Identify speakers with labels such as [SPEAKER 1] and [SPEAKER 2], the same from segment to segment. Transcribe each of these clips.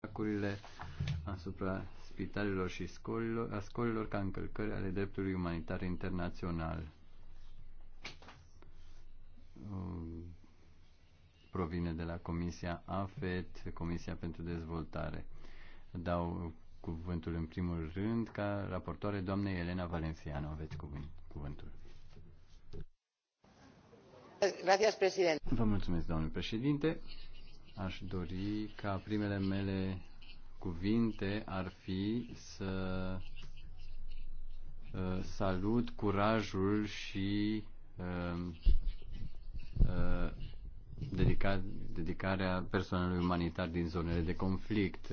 [SPEAKER 1] atacurile asupra spitalelor și scolilor, a scolilor ca încălcări ale dreptului umanitar internațional. Uh, provine de la Comisia AFET, Comisia pentru Dezvoltare. Dau cuvântul în primul rând ca raportoare doamnei Elena Valenciano. Aveți cuvântul. Gracias, Vă mulțumesc, domnule președinte. Aș dori ca primele mele cuvinte ar fi să uh, salut curajul și um, uh, dedica, dedicarea personalului umanitar din zonele de conflict,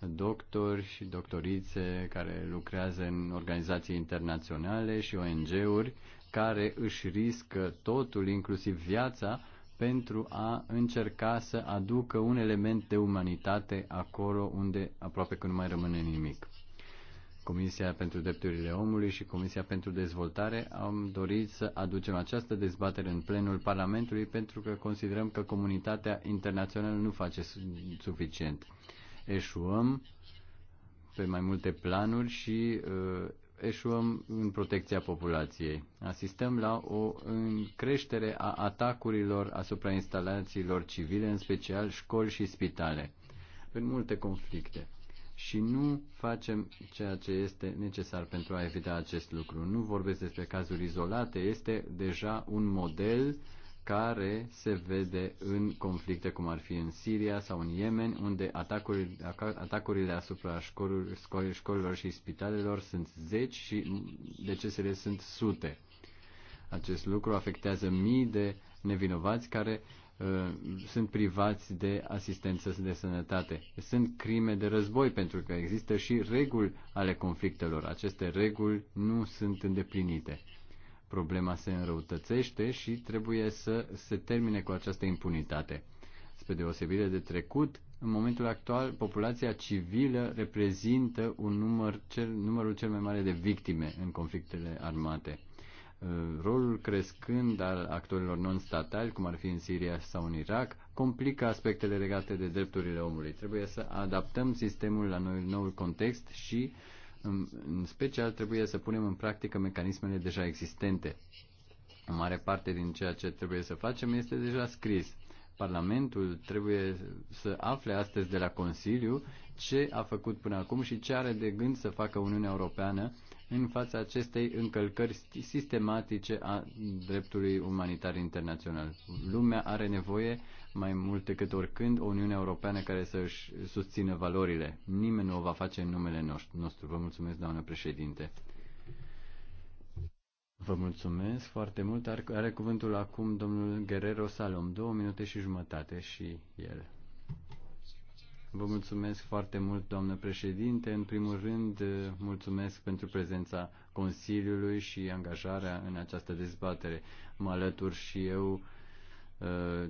[SPEAKER 1] doctori și doctorițe care lucrează în organizații internaționale și ONG-uri care își riscă totul, inclusiv viața, pentru a încerca să aducă un element de umanitate acolo unde aproape că nu mai rămâne nimic. Comisia pentru Drepturile Omului și Comisia pentru Dezvoltare am dorit să aducem această dezbatere în plenul Parlamentului pentru că considerăm că comunitatea internațională nu face suficient. Eșuăm pe mai multe planuri și uh, eșuăm în protecția populației. Asistăm la o creștere a atacurilor asupra instalațiilor civile, în special școli și spitale, în multe conflicte. Și nu facem ceea ce este necesar pentru a evita acest lucru. Nu vorbesc despre cazuri izolate, este deja un model uh, care se vede în conflicte cum ar fi în Siria sau în Yemen, unde atacurile, atacurile asupra școlilor, școlilor și spitalelor sunt zeci și decesele sunt sute. Acest lucru afectează mii de nevinovați care uh, sunt privați de asistență de sănătate. Sunt crime de război pentru că există și reguli ale conflictelor. Aceste reguli nu sunt îndeplinite problema se înrăutățește și trebuie să se termine cu această impunitate. Spre deosebire de trecut, în momentul actual, populația civilă reprezintă un număr cel, numărul cel mai mare de victime în conflictele armate. Uh, rolul crescând al actorilor non-statali, cum ar fi în Siria sau în Irak, complică aspectele legate de drepturile omului. Trebuie să adaptăm sistemul la noul, noul context și uh, în special trebuie să punem în practică mecanismele deja existente. O mare parte din ceea ce trebuie să facem este deja scris. Parlamentul trebuie să afle astăzi de la Consiliu ce a făcut până acum și ce are de gând să facă Uniunea Europeană în fața acestei încălcări sistematice a dreptului umanitar internațional. Lumea are nevoie mai mult decât oricând o Uniune Europeană care să își susțină valorile. Nimeni nu o va face în numele nostru. Vă mulțumesc, doamnă președinte. Vă mulțumesc foarte mult. Are cuvântul acum domnul Guerrero Salom. Două minute și jumătate și el. Vă mulțumesc foarte mult, doamnă președinte. În primul rând, eh, mulțumesc pentru prezența Consiliului și angajarea în această dezbatere. Mă alătur și eu eh,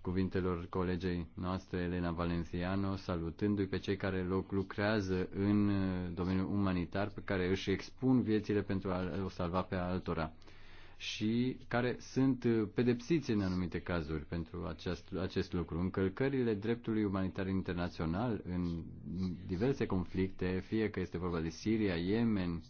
[SPEAKER 1] cuvintelor colegei noastre, Elena Valenciano, salutându-i pe cei care lucrează în eh, domeniul umanitar, pe care își expun viețile pentru a o salva pe altora și care sunt uh, pedepsiți în anumite cazuri pentru acest, acest lucru. Încălcările dreptului umanitar internațional în diverse conflicte, fie că este vorba de Siria, Yemen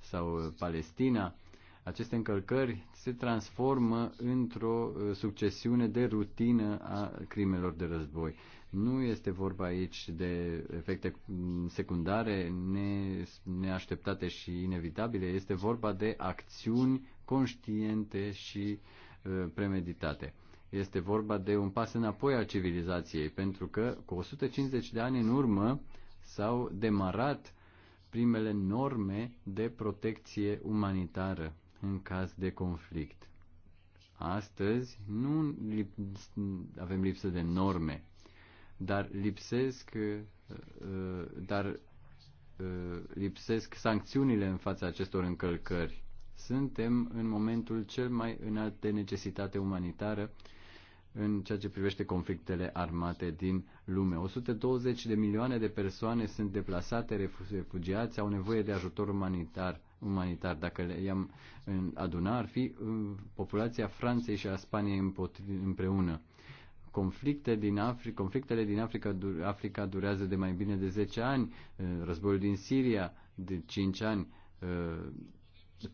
[SPEAKER 1] sau uh, Palestina, aceste încălcări se transformă într-o uh, succesiune de rutină a crimelor de război. Nu este vorba aici de efecte secundare neașteptate și inevitabile, este vorba de acțiuni conștiente și uh, premeditate. Este vorba de un pas înapoi al civilizației, pentru că cu 150 de ani în urmă s-au demarat primele norme de protecție umanitară în caz de conflict. Astăzi nu avem lipsă de norme, dar lipsesc, uh, uh, dar uh, lipsesc sancțiunile în fața acestor încălcări. Suntem în momentul cel mai înalt de necesitate umanitară în ceea ce privește conflictele armate din lume. 120 de milioane de persoane sunt deplasate, refugiați, au nevoie de ajutor umanitar. umanitar. Dacă le i-am aduna, ar fi populația Franței și a Spaniei împreună. Conflicte din Afri- conflictele din Africa, Africa durează de mai bine de 10 ani, uh, războiul din Siria de 5 ani, uh,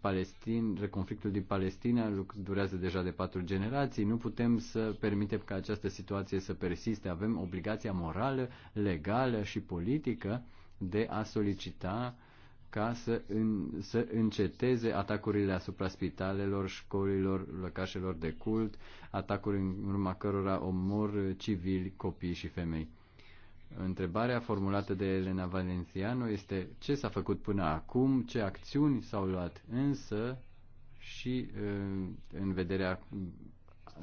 [SPEAKER 1] Palestin, reconflictul din Palestina durează deja de patru generații. Nu putem să permitem ca această situație să persiste. Avem obligația morală, legală și politică de a solicita ca să, în, să înceteze atacurile asupra spitalelor, școlilor, lăcașelor de cult, atacuri în urma cărora omor civili, copii și femei. Întrebarea formulată de Elena Valenciano este ce s-a făcut până acum, ce acțiuni s-au luat, însă și uh, în vederea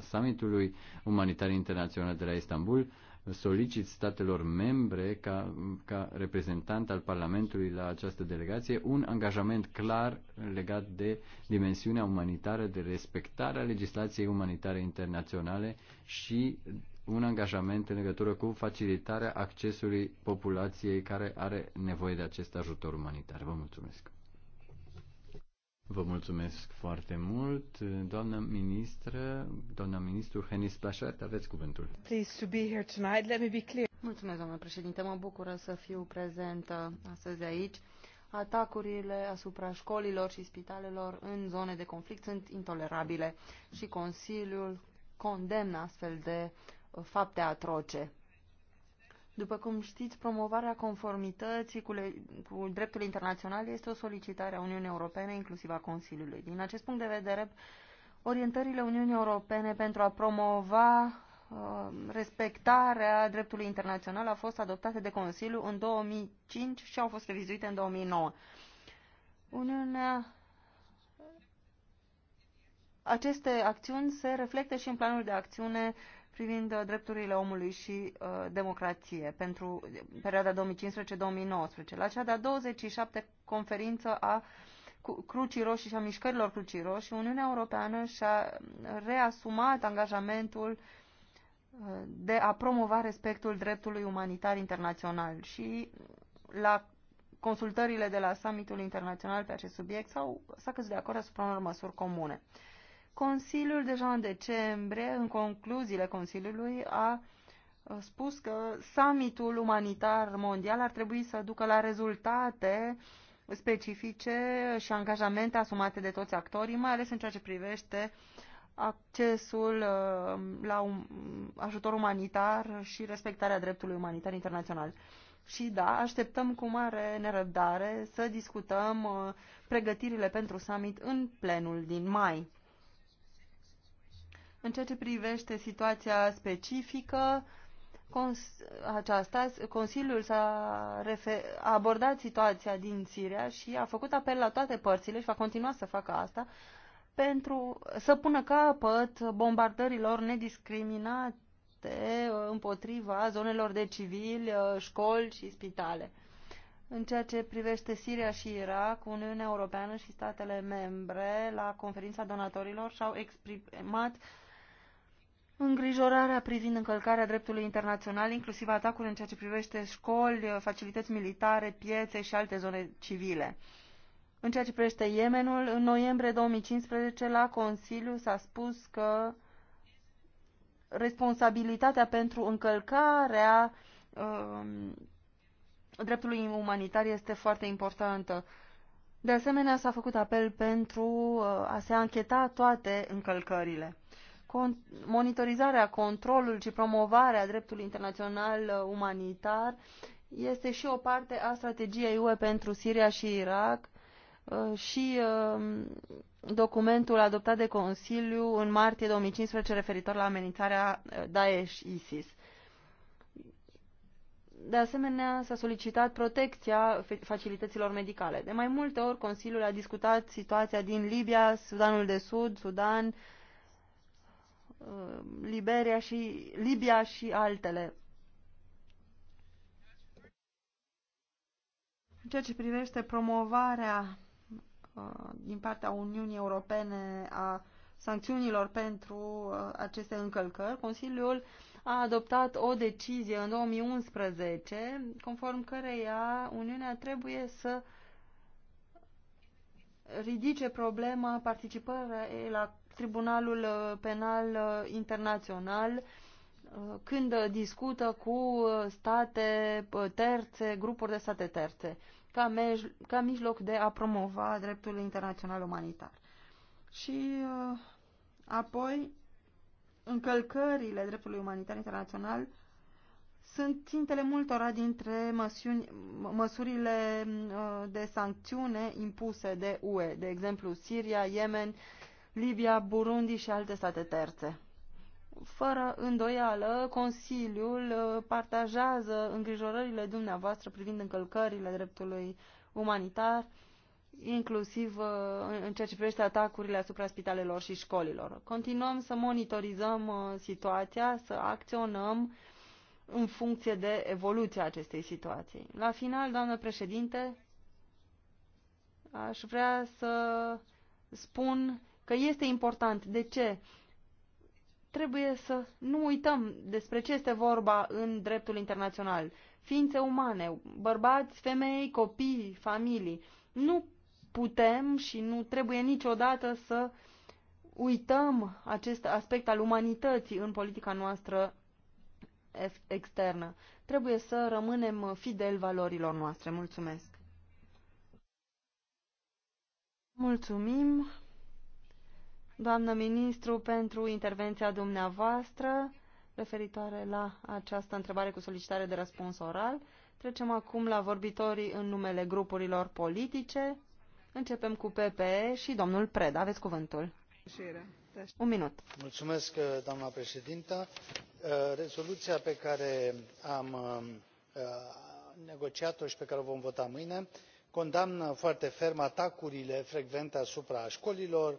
[SPEAKER 1] summitului umanitar internațional de la Istanbul, solicit statelor membre ca, ca reprezentant al Parlamentului la această delegație un angajament clar legat de dimensiunea umanitară, de respectarea legislației umanitare internaționale și un angajament în legătură cu facilitarea accesului populației care are nevoie de acest ajutor umanitar. Vă mulțumesc! Vă mulțumesc foarte mult, doamna ministră, doamna ministru Henis Plașert, aveți cuvântul.
[SPEAKER 2] Please to be here tonight. Let me be clear. Mulțumesc, doamna președinte, mă bucură să fiu prezentă astăzi aici. Atacurile asupra școlilor și spitalelor în zone de conflict sunt intolerabile și Consiliul condemnă astfel de fapte atroce. După cum știți, promovarea conformității cu, le, cu dreptul internațional este o solicitare a Uniunii Europene, inclusiv a Consiliului. Din acest punct de vedere, orientările Uniunii Europene pentru a promova uh, respectarea dreptului internațional au fost adoptate de Consiliu în 2005 și au fost revizuite în 2009. Uniunea aceste acțiuni se reflectă și în planul de acțiune privind uh, drepturile omului și uh, democrație pentru uh, perioada 2015-2019. La cea de-a 27 conferință a Crucii Roșii și a mișcărilor Crucii Roșii, Uniunea Europeană și-a reasumat angajamentul uh, de a promova respectul dreptului umanitar internațional și la consultările de la summitul internațional pe acest subiect s-a căzut de acord asupra unor măsuri comune. Consiliul deja în decembrie, în concluziile Consiliului, a spus că summitul umanitar mondial ar trebui să ducă la rezultate specifice și angajamente asumate de toți actorii, mai ales în ceea ce privește accesul la um, ajutor umanitar și respectarea dreptului umanitar internațional. Și da, așteptăm cu mare nerăbdare să discutăm pregătirile pentru summit în plenul din mai. În ceea ce privește situația specifică, cons aceasta, Consiliul s-a abordat situația din Siria și a făcut apel la toate părțile și va continua să facă asta pentru să pună capăt bombardărilor nediscriminate uh, împotriva zonelor de civili, uh, școli și spitale. În ceea ce privește Siria și Irak, Uniunea Europeană și statele membre la conferința donatorilor și-au exprimat uh, Îngrijorarea privind încălcarea dreptului internațional, inclusiv atacuri în ceea ce privește școli, facilități militare, piețe și alte zone civile. În ceea ce privește Yemenul, în noiembrie 2015 la Consiliu s-a spus că responsabilitatea pentru încălcarea um, dreptului umanitar este foarte importantă. De asemenea, s-a făcut apel pentru uh, a se ancheta toate încălcările monitorizarea, controlul și promovarea dreptului internațional uh, umanitar este și o parte a strategiei UE pentru Siria și Irak uh, și um, documentul adoptat de Consiliu în martie 2015 referitor la amenințarea uh, Daesh-ISIS. De asemenea, s-a solicitat protecția facilităților medicale. De mai multe ori, Consiliul a discutat situația din Libia, Sudanul de Sud, Sudan, Uh, Liberia și Libia și altele. În ceea ce privește promovarea uh, din partea Uniunii Europene a sancțiunilor pentru uh, aceste încălcări, Consiliul a adoptat o decizie în 2011 conform căreia Uniunea trebuie să ridice problema participării la Tribunalul uh, Penal uh, Internațional uh, când discută cu state terțe, grupuri de state terțe, ca, mej- ca mijloc de a promova dreptul internațional umanitar. Și apoi încălcările dreptului umanitar internațional sunt țintele multora dintre măsiuni, măsurile de sancțiune impuse de UE, de exemplu Siria, Yemen, Libia, Burundi și alte state terțe. Fără îndoială, Consiliul uh, partajează îngrijorările dumneavoastră privind încălcările dreptului umanitar, inclusiv uh, în ceea ce privește atacurile asupra spitalelor și școlilor. Continuăm să monitorizăm uh, situația, să acționăm în funcție de evoluția acestei situații. La final, doamnă președinte, aș vrea să spun că este important. De ce? Trebuie să nu uităm despre ce este vorba în dreptul internațional. Ființe umane, bărbați, femei, copii, familii. Nu putem și nu trebuie niciodată să uităm acest aspect al umanității în politica noastră externă. Trebuie să rămânem fidel valorilor noastre. Mulțumesc! Mulțumim! doamnă ministru, pentru intervenția dumneavoastră referitoare la această întrebare cu solicitare de răspuns oral. Trecem acum la vorbitorii în numele grupurilor politice. Începem cu PPE și domnul Preda. Aveți cuvântul. Un minut.
[SPEAKER 3] Mulțumesc, doamna președintă. Rezoluția pe care am uh, negociat o și pe care o vom vota mâine condamnă foarte ferm atacurile frecvente asupra școlilor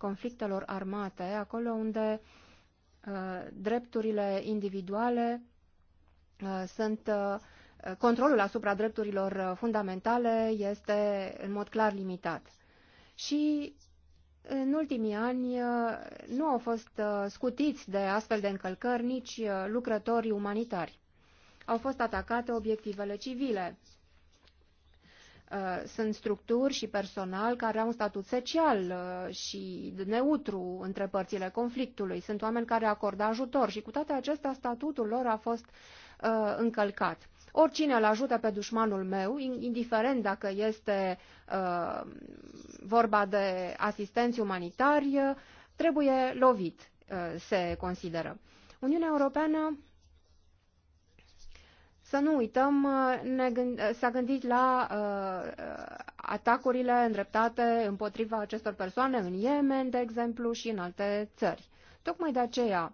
[SPEAKER 4] conflictelor armate, acolo unde uh, drepturile individuale uh, sunt uh, controlul asupra drepturilor uh, fundamentale este în mod clar limitat. Și în ultimii ani uh, nu au fost uh, scutiți de astfel de încălcări nici lucrătorii umanitari. Au fost atacate obiectivele civile, Uh, sunt structuri și personal care au un statut social uh, și neutru între părțile conflictului. Sunt oameni care acordă ajutor și cu toate acestea statutul lor a fost uh, încălcat. Oricine îl ajută pe dușmanul meu, indiferent dacă este vorba de asistenți umanitari, trebuie lovit, se consideră. Uniunea Europeană să nu uităm, uh, ne gând, uh, s-a gândit la uh, uh, atacurile îndreptate împotriva acestor persoane în Yemen, de exemplu, și în alte țări. Tocmai de aceea,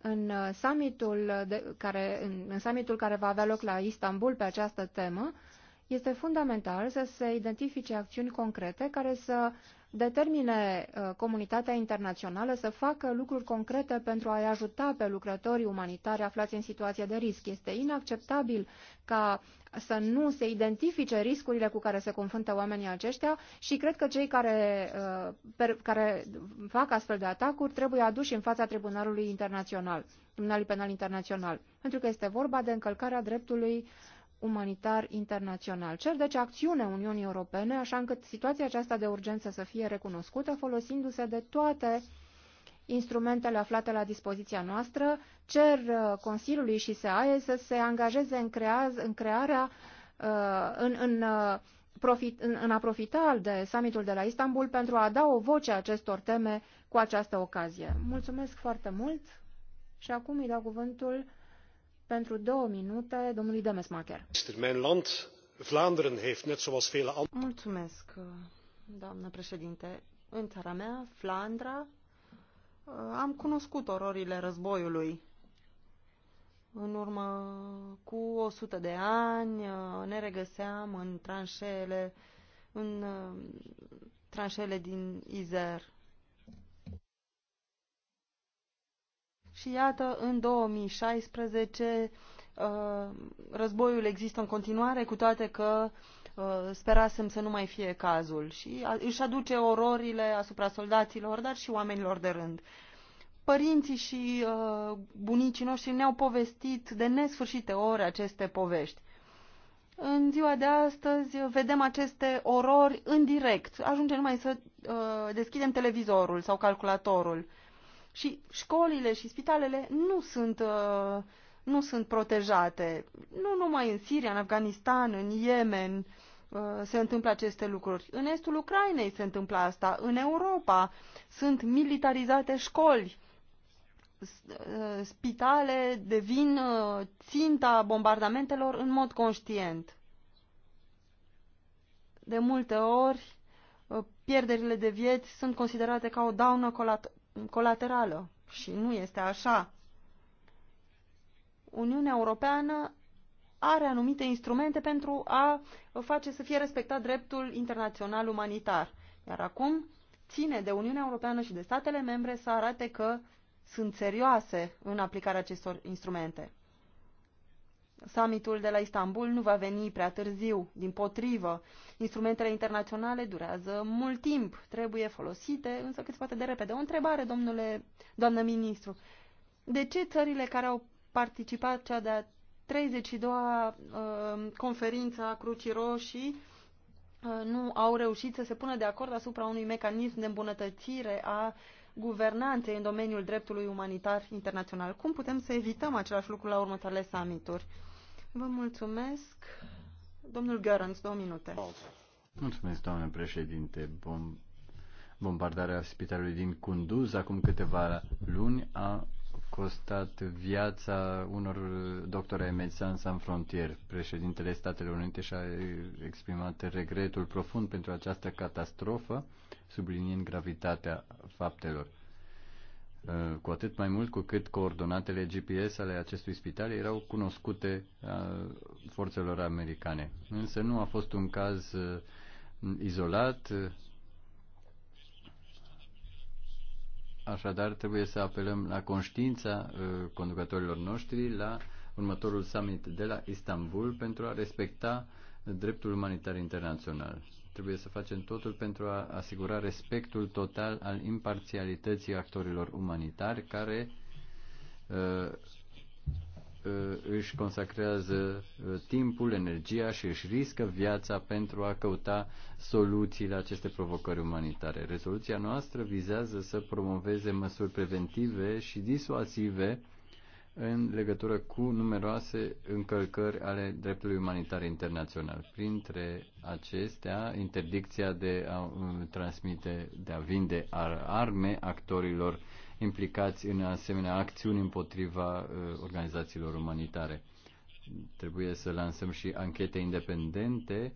[SPEAKER 4] în summitul, de, care, în, în summitul care va avea loc la Istanbul pe această temă, este fundamental să se identifice acțiuni concrete care să uh, determine uh, comunitatea internațională să facă lucruri concrete pentru a-i ajuta pe lucrătorii umanitari aflați în situație de risc. Este inacceptabil ca să nu se identifice riscurile cu care se confruntă oamenii aceștia și cred că cei care, uh, per, care fac astfel de atacuri trebuie aduși în fața Tribunalului Internațional, Tribunalului Penal Internațional, pentru că este vorba de încălcarea dreptului uh, umanitar internațional. Cer deci acțiune Uniunii Europene, așa încât situația aceasta de urgență să fie recunoscută, folosindu-se de toate instrumentele aflate la dispoziția noastră. Cer uh, Consiliului și SEAE să se angajeze în, creaz, în crearea, uh, în, în, uh, profit, în, în a profita de summitul de la Istanbul pentru a da o voce acestor teme cu această ocazie. Mulțumesc foarte mult și acum îi dau cuvântul pentru două
[SPEAKER 2] minute domnului Demesmacher.
[SPEAKER 3] Mijn land, Vlaanderen, heeft net zoals vele andere...
[SPEAKER 2] Mulțumesc, doamnă președinte. În țara mea, Flandra, am cunoscut ororile războiului. În urmă cu 100 de ani ne regăseam în tranșele, în tranșele din Izer. Și iată, în 2016 uh, războiul există în continuare, cu toate că uh, sperasem să nu mai fie cazul. Și își aduce ororile asupra soldaților, dar și oamenilor de rând. Părinții și uh, bunicii noștri ne-au povestit de nesfârșite ore aceste povești. În ziua de astăzi vedem aceste orori în direct. Ajunge numai să deschidem televizorul sau calculatorul și școlile și spitalele nu sunt, uh, nu sunt protejate. Nu numai în Siria, în Afganistan, în Yemen uh, se întâmplă aceste lucruri. În estul Ucrainei se întâmplă asta. În Europa sunt militarizate școli. Uh, spitale devin ținta bombardamentelor în mod conștient. De multe ori, pierderile de vieți sunt considerate ca o daună colaterală și nu este așa. Uniunea Europeană are anumite instrumente pentru a face să fie respectat dreptul internațional umanitar. Iar acum ține de Uniunea Europeană și de statele membre să arate că sunt serioase în aplicarea acestor instrumente. Summitul de la Istanbul nu va veni prea târziu, din potrivă. Instrumentele internaționale durează mult timp, trebuie folosite, însă cât se poate de repede. O întrebare, domnule, doamnă ministru. De ce țările care au participat cea de-a 32-a uh, conferință a Crucii Roșii uh, nu au reușit să se pună de acord asupra unui mecanism de îmbunătățire a guvernanței în domeniul dreptului umanitar internațional. Cum putem să evităm același lucru la următoarele summituri? Vă mulțumesc. Domnul Gărânț, două minute.
[SPEAKER 1] Mulțumesc, doamnă președinte. Bom... Bombardarea spitalului din Kunduz acum câteva luni a costat viața unor doctori ai medicinii Sans Frontier. Președintele Statelor Unite și-a exprimat regretul profund pentru această catastrofă, subliniind gravitatea faptelor. Uh, cu atât mai mult cu cât coordonatele GPS ale acestui spital erau cunoscute uh, forțelor americane. Însă nu a fost un caz uh, izolat, așadar trebuie să apelăm la conștiința conducătorilor noștri la următorul summit de la Istanbul pentru a respecta dreptul umanitar internațional. Trebuie să facem totul pentru a asigura respectul total al imparțialității actorilor umanitari care uh, uh, își consacrează uh, timpul, energia și își riscă viața pentru a căuta soluții la aceste provocări umanitare. Rezoluția noastră vizează să promoveze măsuri preventive și disuasive în legătură cu numeroase încălcări ale dreptului umanitar internațional. Printre acestea, interdicția de a um, transmite, de a vinde arme actorilor implicați în asemenea acțiuni împotriva uh, organizațiilor umanitare. Trebuie să lansăm și anchete independente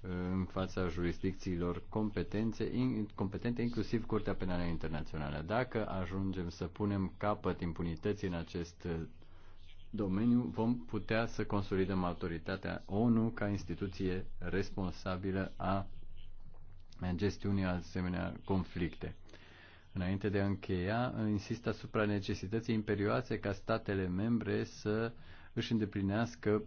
[SPEAKER 1] în fața jurisdicțiilor competențe, competente, inclusiv Curtea Penală Internațională. Dacă ajungem să punem capăt impunității în acest uh, domeniu, vom putea să consolidăm autoritatea ONU ca instituție responsabilă a gestiunii asemenea conflicte. Înainte de a încheia, insist asupra necesității imperioase ca statele membre să uh, își îndeplinească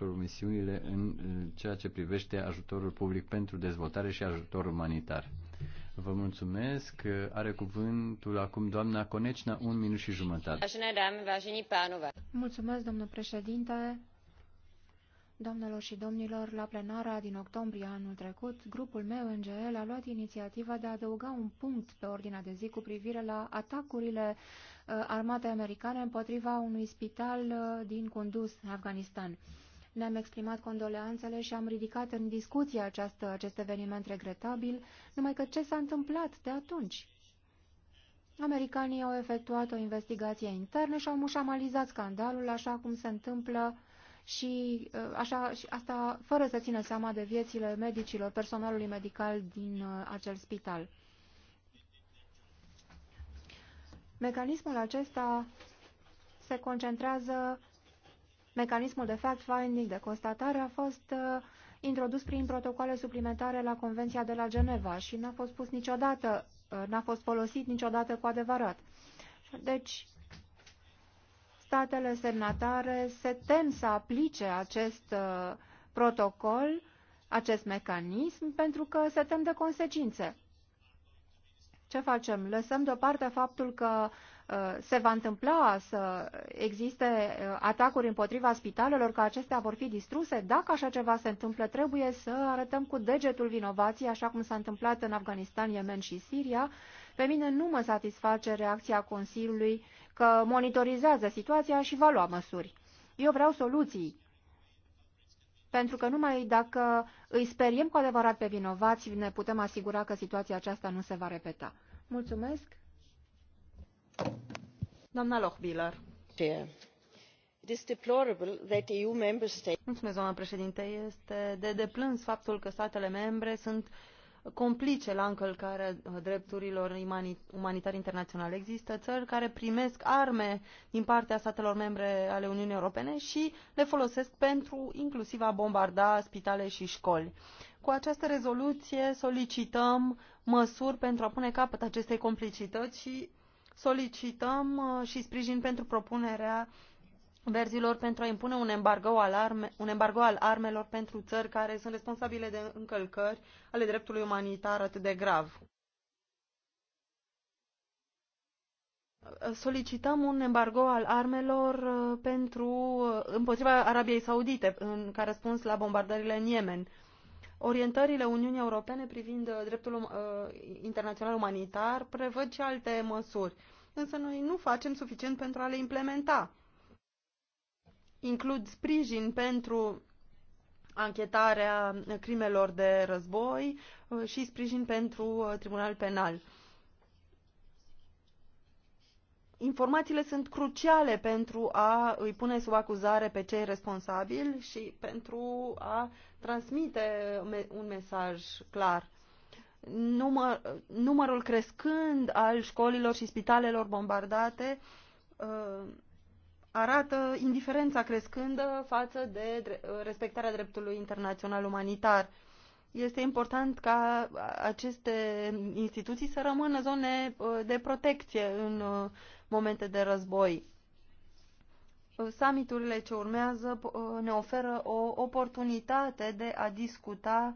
[SPEAKER 1] promisiunile în ceea ce privește ajutorul public pentru dezvoltare și ajutor umanitar. Vă mulțumesc. Are cuvântul acum doamna Conecina, un minut și jumătate.
[SPEAKER 4] Mulțumesc, domnule președinte, Doamnelor și domnilor, la plenara din octombrie anul trecut, grupul meu NGL a luat inițiativa de a adăuga un punct pe ordinea de zi cu privire la atacurile uh, armate americane împotriva unui spital uh, din Kunduz, Afganistan. Ne-am exprimat condoleanțele și am ridicat în discuție această, acest eveniment regretabil, numai că ce s-a întâmplat de atunci? Americanii au efectuat o investigație internă și au mușamalizat scandalul, așa cum se întâmplă și, uh, așa, și asta fără să țină seama de viețile medicilor, personalului medical din uh, acel spital. Mecanismul acesta se concentrează, mecanismul de fact-finding, de constatare, a fost uh, introdus prin protocoale suplimentare la Convenția de la Geneva și n-a fost pus niciodată, n-a fost folosit niciodată cu adevărat. Deci, statele semnatare se tem să aplice acest uh, protocol, acest mecanism, pentru că se tem de consecințe. Ce facem? Lăsăm deoparte faptul că uh, se va întâmpla să existe uh, atacuri împotriva spitalelor, că acestea vor fi distruse. Dacă așa ceva se întâmplă, trebuie să arătăm cu degetul vinovații, așa cum s-a întâmplat în Afganistan, Yemen și Siria. Pe mine nu mă satisface reacția Consiliului că monitorizează situația și va lua măsuri. Eu vreau soluții, pentru că numai dacă îi speriem cu adevărat pe vinovați, ne putem asigura că situația aceasta nu se va repeta. Mulțumesc.
[SPEAKER 2] Doamna Lochbiller. Mulțumesc, doamna președinte este de deplâns faptul că statele membre sunt complice la încălcarea uh, drepturilor umanitare internaționale. Există țări care primesc arme din partea statelor membre ale Uniunii Europene și le folosesc pentru inclusiv a bombarda spitale și școli. Cu această rezoluție solicităm măsuri pentru a pune capăt acestei complicități și solicităm uh, și sprijin pentru propunerea verzilor pentru a impune un embargo, al arme, un embargo al armelor pentru țări care sunt responsabile de încălcări ale dreptului umanitar atât de grav. Solicităm un embargo al armelor uh, pentru, uh, împotriva Arabiei Saudite, în, ca răspuns la bombardările în Yemen. Orientările Uniunii Europene privind uh, dreptul um, internațional umanitar prevăd și alte măsuri, însă noi nu facem suficient pentru a le implementa includ sprijin pentru anchetarea crimelor de război uh, și sprijin pentru uh, Tribunal Penal. Informațiile sunt cruciale pentru a îi pune sub acuzare pe cei responsabili și pentru a transmite un mesaj clar. Număr, numărul crescând al școlilor și spitalelor bombardate uh, arată indiferența crescândă față de respectarea dreptului internațional umanitar. Este important ca aceste instituții să rămână zone uh, de protecție în uh, momente de război. Uh, summiturile ce urmează ne oferă o oportunitate de a discuta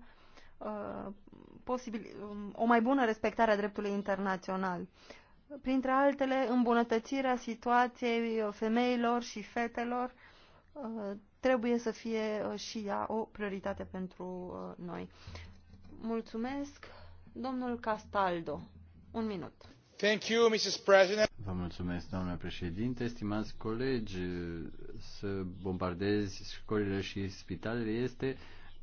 [SPEAKER 2] posibil, um, o mai bună respectare a dreptului internațional printre altele, îmbunătățirea situației femeilor și fetelor uh, trebuie să fie uh, și ea o prioritate pentru uh, noi. Mulțumesc, domnul Castaldo. Un minut.
[SPEAKER 1] Thank you, Mrs. President. Vă mulțumesc, doamna președinte. Stimați colegi, să bombardezi școlile și spitalele este uh,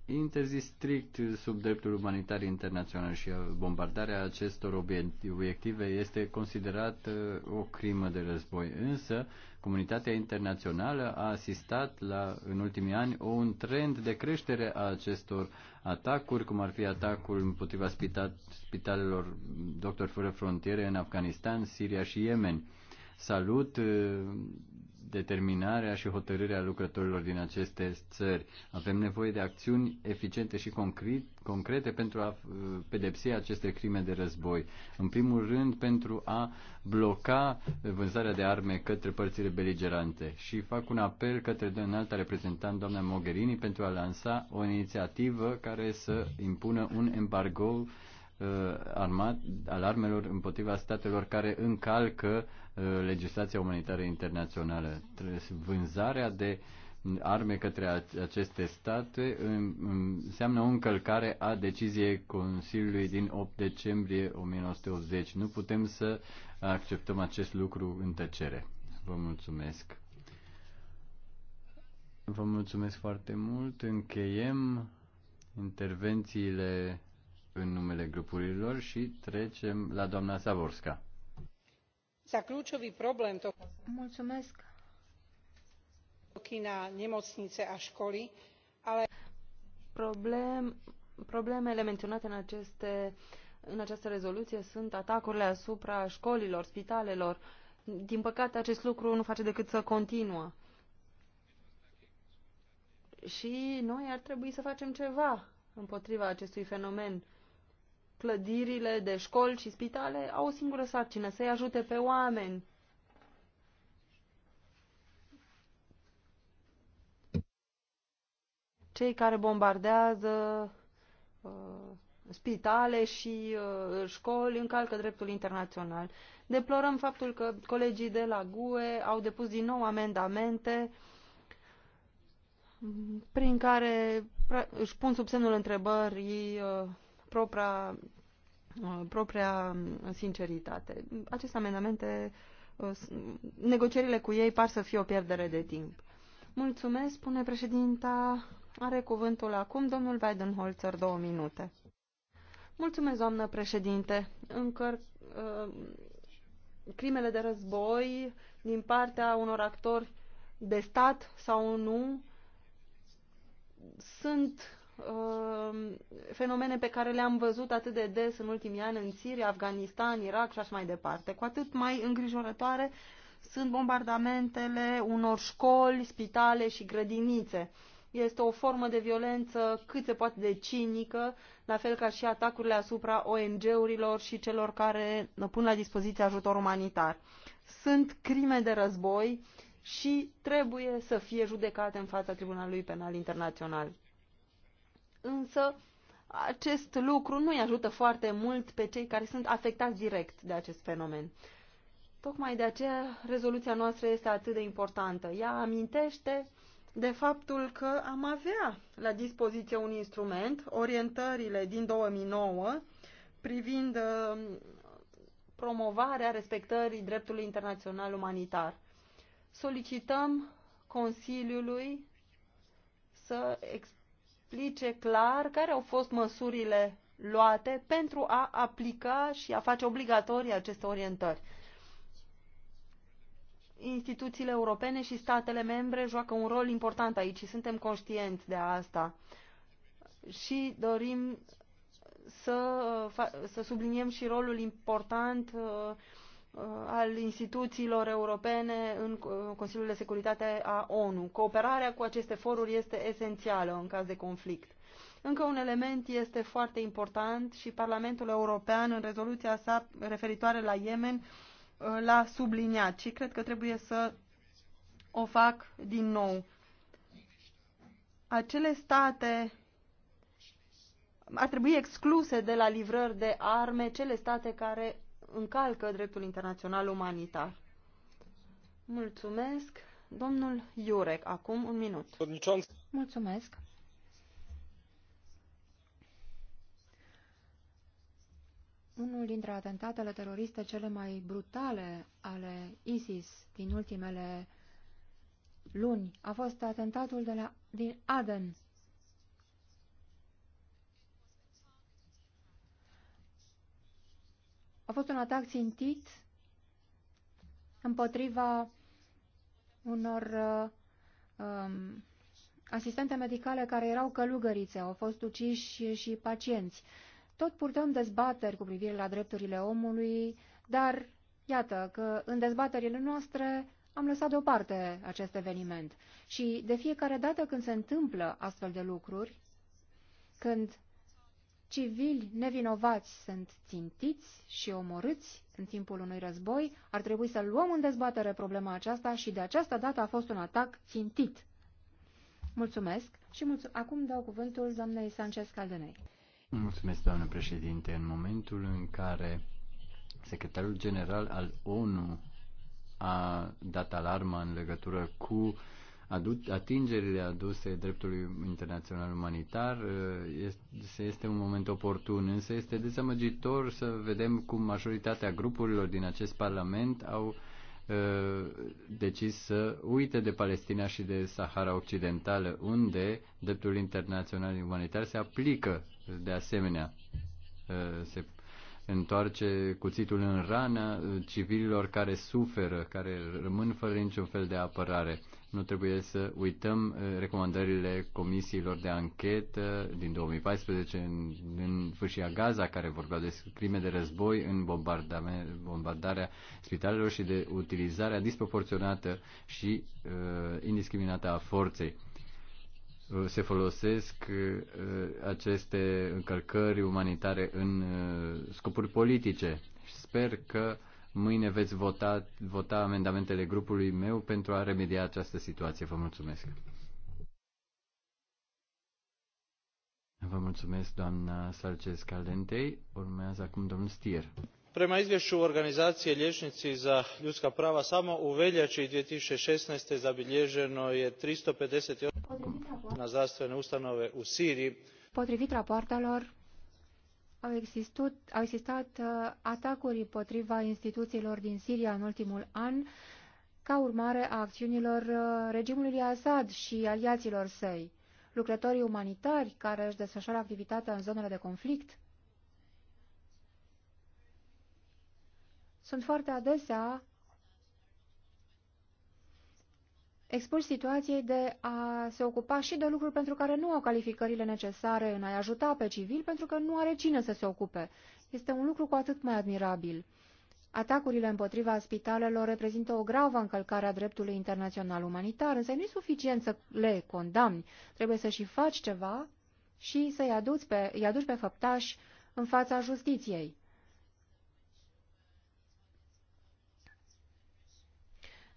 [SPEAKER 1] interzis strict sub dreptul umanitar internațional și bombardarea acestor obiective este considerată uh, o crimă de război. Însă, comunitatea internațională a asistat la, în ultimii ani o, un trend de creștere a acestor atacuri, cum ar fi atacul împotriva spitalelor Doctor Fără Frontiere în Afganistan, Siria și Yemen. Salut uh, determinarea și hotărârea lucrătorilor din aceste țări. Avem nevoie de acțiuni eficiente și concrete pentru a uh, pedepsi aceste crime de război. În primul rând, pentru a bloca vânzarea de arme către părțile beligerante. Și fac un apel către înalta reprezentant, doamna Mogherini, pentru a lansa o inițiativă care să impună un embargo uh, armat al armelor împotriva statelor care încalcă legislația umanitară internațională. Vânzarea de arme către aceste state înseamnă o încălcare a deciziei Consiliului din 8 decembrie 1980. Nu putem să acceptăm acest lucru în tăcere. Vă mulțumesc. Vă mulțumesc foarte mult. Încheiem intervențiile în numele grupurilor și trecem la doamna Savorska
[SPEAKER 2] za kľúčový problém tohto kina nemocnice a školy ale Problem, problemele menționate în, aceste, în această rezoluție sunt atacurile asupra școlilor, spitalelor. Din păcate, acest lucru nu face decât să continuă. Și noi ar trebui să facem ceva împotriva acestui fenomen clădirile de școli și spitale au o singură sarcină, să-i ajute pe oameni. Cei care bombardează uh, spitale și uh, școli încalcă dreptul internațional. Deplorăm faptul că colegii de la GUE au depus din nou amendamente prin care își pun sub semnul întrebării uh, propria, uh, propria uh, sinceritate. Aceste amendamente, uh, negocierile cu ei par să fie o pierdere de timp. Mulțumesc, spune președinta. Are cuvântul acum domnul Weidenholzer, două minute. Mulțumesc, doamnă președinte. Încăr, uh, crimele de război din partea unor actori de stat sau nu sunt Uh, fenomene pe care le-am văzut atât de des în ultimii ani în Siria, Afganistan, Irak și așa mai departe. Cu atât mai îngrijorătoare sunt bombardamentele unor școli, spitale și grădinițe. Este o formă de violență cât se poate de cinică, la fel ca și atacurile asupra ONG-urilor și celor care pun la dispoziție ajutor umanitar. Sunt crime de război și trebuie să fie judecate în fața Tribunalului Penal Internațional însă acest lucru nu îi ajută foarte mult pe cei care sunt afectați direct de acest fenomen. Tocmai de aceea rezoluția noastră este atât de importantă. Ea amintește de faptul că am avea la dispoziție un instrument, orientările din 2009, privind uh, promovarea respectării dreptului internațional umanitar. Solicităm Consiliului să, exp- explice clar care au fost măsurile luate pentru a aplica și a face obligatorii aceste orientări. Instituțiile europene și statele membre joacă un rol important aici și suntem conștienți de asta. Și dorim să, să subliniem și rolul important uh, Uh, al instituțiilor europene în uh, Consiliul de Securitate a ONU. Cooperarea cu aceste foruri este esențială în caz de conflict. Încă un element este foarte important și Parlamentul European în rezoluția sa referitoare la Yemen uh, l-a subliniat și cred că trebuie să o fac din nou. Acele state ar trebui excluse de la livrări de arme cele state care încalcă dreptul internațional umanitar. Mulțumesc. Domnul Iurec, acum un minut.
[SPEAKER 4] Mulțumesc. Unul dintre atentatele teroriste cele mai brutale ale ISIS din ultimele luni a fost atentatul de la, din Aden, A fost un atac țintit împotriva unor um, asistente medicale care erau călugărițe, au fost uciși și pacienți. Tot purtăm dezbateri cu privire la drepturile omului, dar iată că în dezbaterile noastre am lăsat deoparte acest eveniment. Și de fiecare dată când se întâmplă astfel de lucruri, când civili nevinovați sunt țintiți și omorâți în timpul unui război, ar trebui să luăm în dezbatere problema aceasta și de această dată a fost un atac țintit. Mulțumesc și mulțu acum dau cuvântul doamnei Sanchez Caldenei.
[SPEAKER 1] Mulțumesc, doamnă președinte. În momentul în care secretarul general al ONU a dat alarma în legătură cu atingerile aduse dreptului internațional umanitar uh, este, este un moment oportun, însă este dezamăgitor să vedem cum majoritatea grupurilor din acest parlament au uh, decis să uite de Palestina și de Sahara Occidentală, unde dreptul internațional umanitar se aplică de asemenea. Uh, se întoarce cuțitul în rană civililor care suferă, care rămân fără niciun fel de apărare nu trebuie să uităm uh, recomandările comisiilor de anchetă din 2014 în, în fâșia Gaza, care vorbeau de crime de război în bombardarea spitalelor și de utilizarea disproporționată și uh, indiscriminată a forței. Uh, se folosesc uh, aceste încălcări umanitare în uh, scopuri politice. Sper că Mâine veți vota, vota amendamentele grupului meu pentru a remedia această situație. Vă mulțumesc. Vă mulțumesc, doamna Salces Caldentei. Urmează acum domnul Stier.
[SPEAKER 3] Prema izvješću organizacije liječnici za ljudska prava samo u veljači 2016. zabilježeno je 358 na zdravstvene ustanove u Siriji.
[SPEAKER 4] Potrivit raportelor. Au existat, au uh, existat atacuri împotriva instituțiilor din Siria în ultimul an, ca urmare a acțiunilor uh, regimului Assad și aliaților săi. Lucrătorii umanitari care își desfășoară activitatea în zonele de conflict sunt foarte adesea expus situației de a se ocupa și de lucruri pentru care nu au calificările necesare în a-i ajuta pe civil, pentru că nu are cine să se ocupe. Este un lucru cu atât mai admirabil. Atacurile împotriva spitalelor reprezintă o gravă încălcare a dreptului internațional umanitar, însă nu e suficient să le condamni. Trebuie să și faci ceva și să-i aduci pe, pe făptași în fața justiției.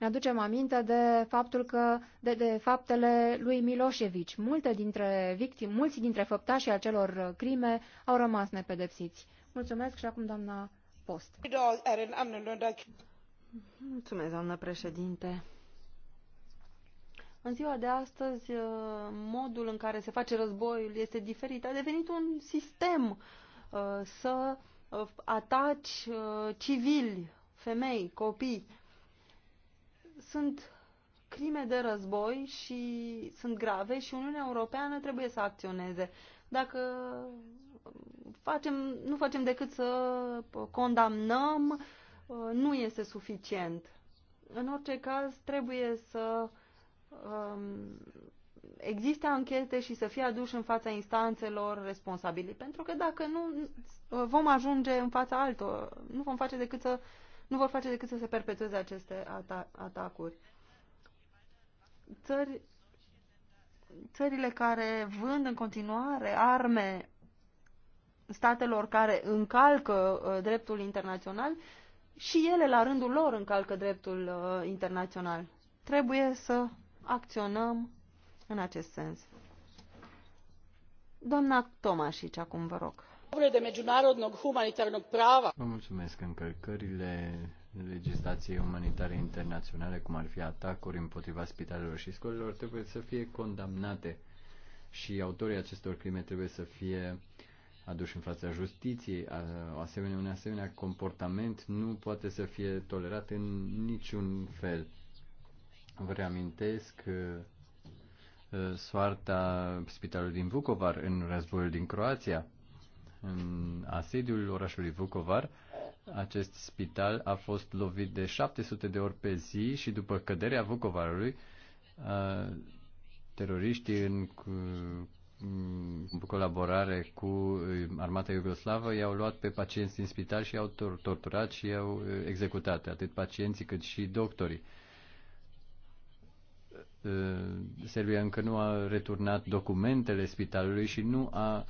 [SPEAKER 4] Ne aducem aminte de faptul că de, de faptele lui Miloșevici, Multe dintre victime, mulți dintre făptașii acelor crime au rămas nepedepsiți. Mulțumesc și acum doamna
[SPEAKER 2] Post. Mulțumesc, doamnă președinte. În ziua de astăzi, uh, modul în care se face războiul este diferit. A devenit un sistem uh, să uh, ataci civili, femei, copii sunt crime de război și sunt grave și Uniunea Europeană trebuie să acționeze. Dacă facem, nu facem decât să condamnăm, nu este suficient. În orice caz, trebuie să um, existe anchete și să fie aduși în fața instanțelor responsabile. Pentru că dacă nu, vom ajunge în fața altor. Nu vom face decât să uh, nu vor face decât să se perpetueze aceste ata atacuri. Țări, țările care vând în continuare arme statelor care încalcă uh, dreptul internațional, și ele la rândul lor încalcă dreptul uh, internațional. Trebuie să acționăm în acest sens. Doamna Tomașici, acum vă rog
[SPEAKER 3] povrede međunarodnog humanitarnog prava. Vă
[SPEAKER 1] mulțumesc încălcările legislației umanitare internaționale, cum ar fi atacuri împotriva spitalelor și școlilor, trebuie să fie condamnate și autorii acestor crime trebuie să fie aduși în fața justiției. O asemenea, un asemenea comportament nu poate să fie tolerat în niciun fel. Vă reamintesc uh, uh, soarta spitalului din Vukovar în războiul din Croația în asediul orașului Vukovar, acest spital a fost lovit de 700 de ori pe zi și după căderea Vukovarului, teroriștii în colaborare cu uh, armata iugoslavă i-au luat pe pacienți din spital și i-au torturat și i-au uh, executat, atât pacienții cât și doctorii. Uh, Serbia încă nu a returnat documentele spitalului și nu a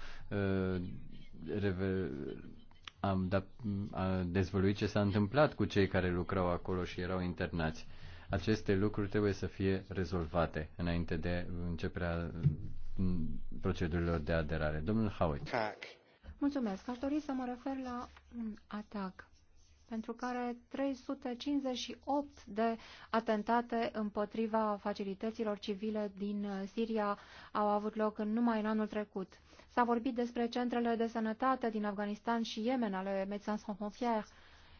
[SPEAKER 1] am da, a dezvăluit ce s-a întâmplat cu cei care lucrau acolo și erau internați. Aceste lucruri trebuie să fie rezolvate înainte de începerea procedurilor de aderare. Domnul Howard.
[SPEAKER 4] Mulțumesc. Aș dori să mă refer la un atac pentru care 358 de atentate împotriva facilităților civile din Siria au avut loc numai în anul trecut. S-a vorbit despre centrele de sănătate din Afganistan și Yemen ale Médecins Sans Frontières.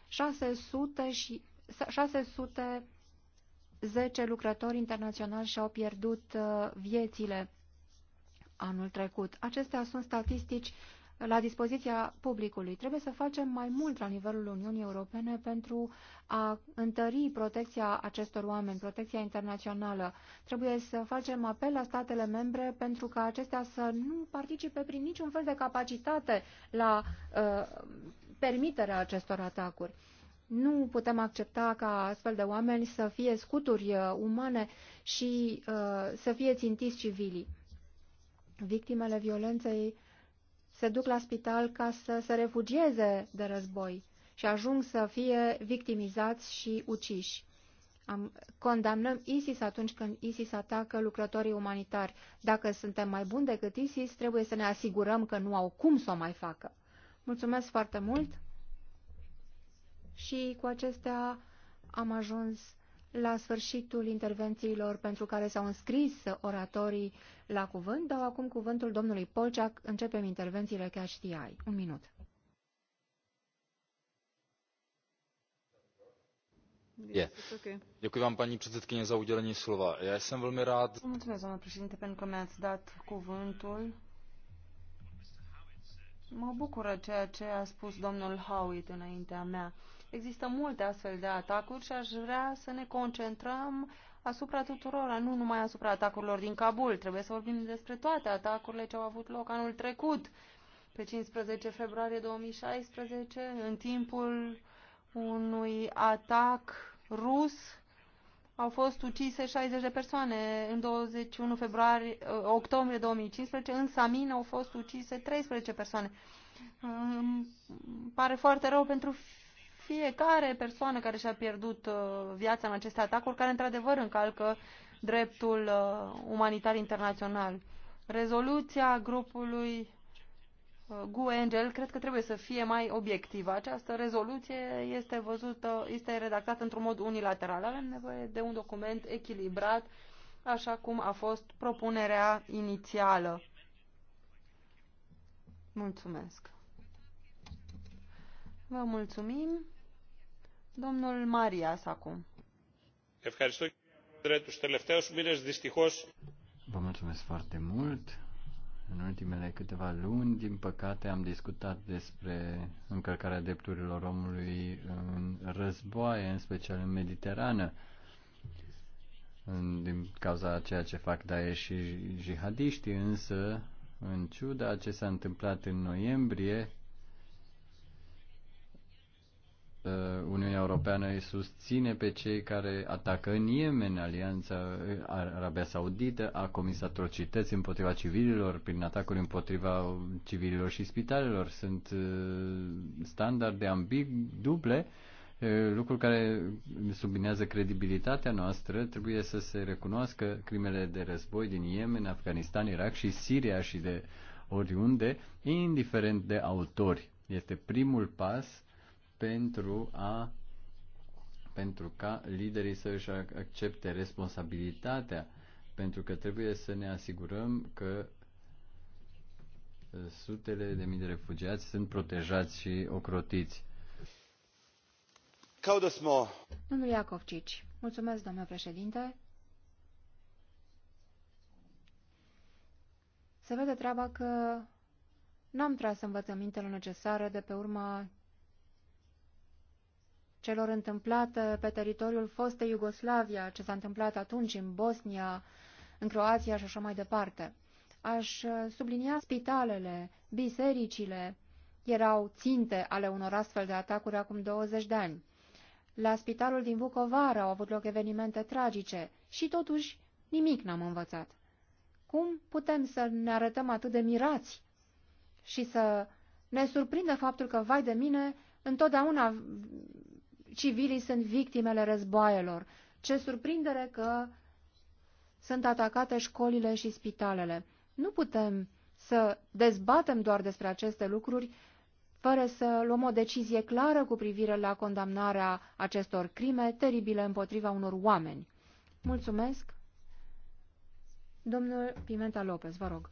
[SPEAKER 4] 600 și 610 lucrători internaționali și-au pierdut uh, viețile anul trecut. Acestea sunt statistici la dispoziția publicului. Trebuie să facem mai mult la nivelul Uniunii Europene pentru a întări protecția acestor oameni, protecția internațională. Trebuie să facem apel la statele membre pentru ca acestea să nu participe prin niciun fel de capacitate la uh, permiterea acestor atacuri. Nu putem accepta ca astfel de oameni să fie scuturi uh, umane și uh, să fie țintiți civilii. Victimele violenței uh, se duc la spital ca să se refugieze de război și ajung să fie victimizați și uciși. Am, condamnăm ISIS atunci când ISIS atacă lucrătorii umanitari. Dacă suntem mai buni decât ISIS, trebuie să ne asigurăm că nu au cum să o mai facă. Mulțumesc foarte mult și cu acestea am ajuns la sfârșitul intervențiilor pentru care s-au înscris oratorii la cuvânt, dau acum cuvântul domnului Polceac. Începem intervențiile ca știai. Un minut.
[SPEAKER 1] paní předsedkyně za udělení slova. Já jsem velmi rád.
[SPEAKER 2] Mulțumesc, doamnă președinte, pentru că mi-ați dat cuvântul. Mă bucură ceea ce a spus domnul Howitt înaintea mea. Există multe astfel de atacuri și aș vrea să ne concentrăm asupra tuturor. nu numai asupra atacurilor din Kabul. Trebuie să vorbim despre toate atacurile ce au avut loc anul trecut, pe 15 februarie 2016, în timpul unui atac rus au fost ucise 60 de persoane. În 21 februarie, uh, octombrie 2015, în Samin au fost ucise 13 persoane. Îmi pare foarte rău pentru fiecare persoană care și-a pierdut uh, viața în aceste atacuri, care într-adevăr încalcă dreptul uh, umanitar internațional. Rezoluția grupului uh, Gu Angel cred că trebuie să fie mai obiectivă. Această rezoluție este văzută, este redactată într-un mod unilateral. Avem nevoie de un document echilibrat, așa cum a fost propunerea inițială. Mulțumesc. Vă mulțumim. Domnul Marias acum.
[SPEAKER 1] Vă mulțumesc foarte mult. În ultimele câteva luni, din păcate, am discutat despre încălcarea drepturilor omului în războaie, în special în Mediterană, din cauza a ceea ce fac Daesh și jihadiștii, însă, în ciuda ce s-a întâmplat în noiembrie, Uh, Uniunea Europeană îi susține pe cei care atacă în Yemen Alianța Arabia Saudită, a comis atrocități împotriva civililor prin atacuri împotriva civililor și spitalelor. Sunt uh, standarde ambig duble, uh, lucruri care sublinează credibilitatea noastră. Trebuie să se recunoască crimele de război din Yemen, Afganistan, Irak și Siria și de oriunde, indiferent de autori. Este primul pas pentru a pentru ca liderii să își accepte responsabilitatea, pentru că trebuie să ne asigurăm că uh, sutele de mii de refugiați sunt protejați și ocrotiți. Caudosmo.
[SPEAKER 4] Domnul Iacovcici, mulțumesc, domnule președinte. Se vede treaba că n-am tras învățămintele necesare de pe urma celor întâmplate pe teritoriul fostei Iugoslavia, ce s-a întâmplat atunci în Bosnia, în Croația și așa mai departe. Aș uh, sublinia spitalele, bisericile, erau ținte ale unor astfel de atacuri acum 20 de ani. La spitalul din Vucovara au avut loc evenimente tragice și totuși nimic n-am învățat. Cum putem să ne arătăm atât de mirați și să ne surprindă faptul că, vai de mine, întotdeauna civilii sunt victimele războaielor. Ce surprindere că sunt atacate școlile și spitalele. Nu putem să dezbatem doar despre aceste lucruri fără să luăm o decizie clară cu privire la condamnarea acestor crime teribile împotriva unor oameni. Mulțumesc. Domnul Pimenta Lopez, vă rog.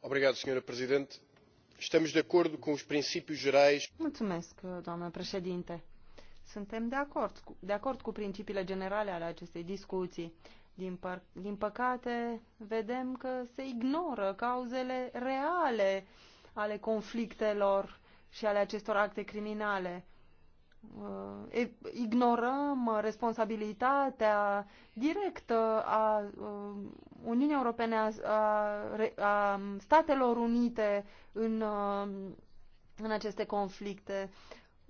[SPEAKER 1] Obrigat, domnule președinte. Suntem de acord cu principiul jurai.
[SPEAKER 2] Mulțumesc, doamnă președinte. Suntem de acord, cu, de acord cu principiile generale ale acestei discuții. Din, par, din păcate, vedem că se ignoră cauzele reale ale conflictelor și ale acestor acte criminale. Uh, ignorăm responsabilitatea directă a uh, Uniunii Europene, a, a Statelor Unite în, uh, în aceste conflicte.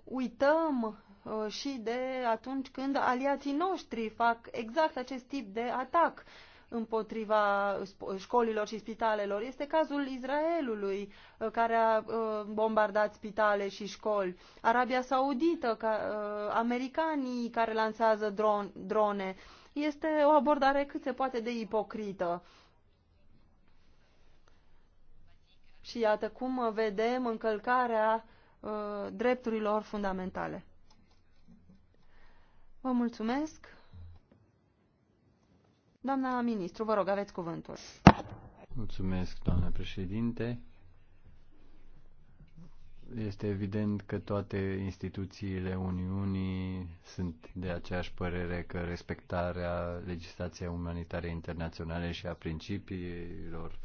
[SPEAKER 2] Uităm Uh, și de atunci când aliații noștri fac exact acest tip de atac împotriva școlilor și spitalelor. Este cazul Israelului uh, care a uh, bombardat spitale și școli, Arabia Saudită, americanii care lansează drone. Este o abordare cât se poate de ipocrită. Și iată cum vedem încălcarea drepturilor fundamentale. Vă mulțumesc. Doamna ministru, vă rog, aveți cuvântul.
[SPEAKER 1] Mulțumesc, doamna președinte. Este evident că toate instituțiile Uniunii sunt de aceeași părere că respectarea legislației umanitare internaționale și a principiilor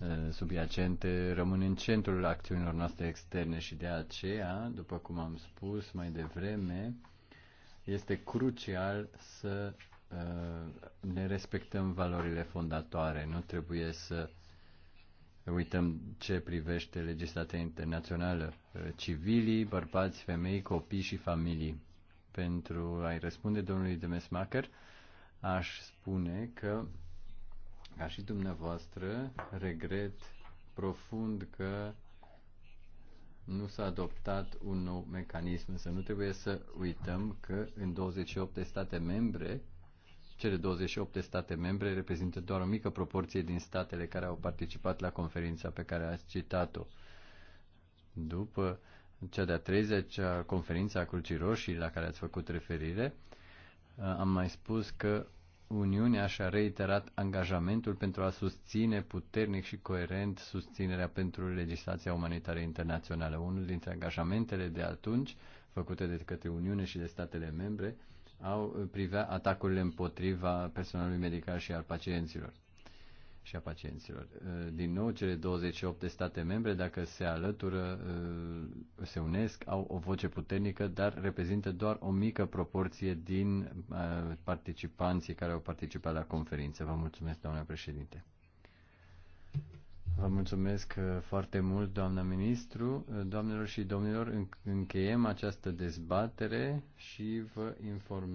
[SPEAKER 1] uh, subiacente rămân în centrul acțiunilor noastre externe și de aceea, după cum am spus mai devreme, este crucial să uh, ne respectăm valorile fondatoare. Nu trebuie să uităm ce privește legislația internațională. Uh, civilii, bărbați, femei, copii și familii. Pentru a-i răspunde domnului Demesmacher, aș spune că, ca și dumneavoastră, regret profund că nu s-a adoptat un nou mecanism, însă nu trebuie să uităm că în 28 de state membre, cele 28 de state membre reprezintă doar o mică proporție din statele care au participat la conferința pe care ați citat-o. După cea de-a 30-a conferință a Crucii Roșii la care ați făcut referire, am mai spus că Uniunea și-a reiterat angajamentul pentru a susține puternic și coerent susținerea pentru legislația umanitară internațională. Unul dintre angajamentele de atunci, făcute de către Uniune și de statele membre, au privea atacurile împotriva personalului medical și al pacienților și a pacienților. Uh, din nou, cele 28 de state membre, dacă se alătură, uh, se unesc, au o voce puternică, dar reprezintă doar o mică proporție din uh, participanții care au participat la conferință. Vă mulțumesc, doamna președinte. Vă mulțumesc foarte mult, doamna ministru. Doamnelor și domnilor, încheiem această dezbatere și vă informăm.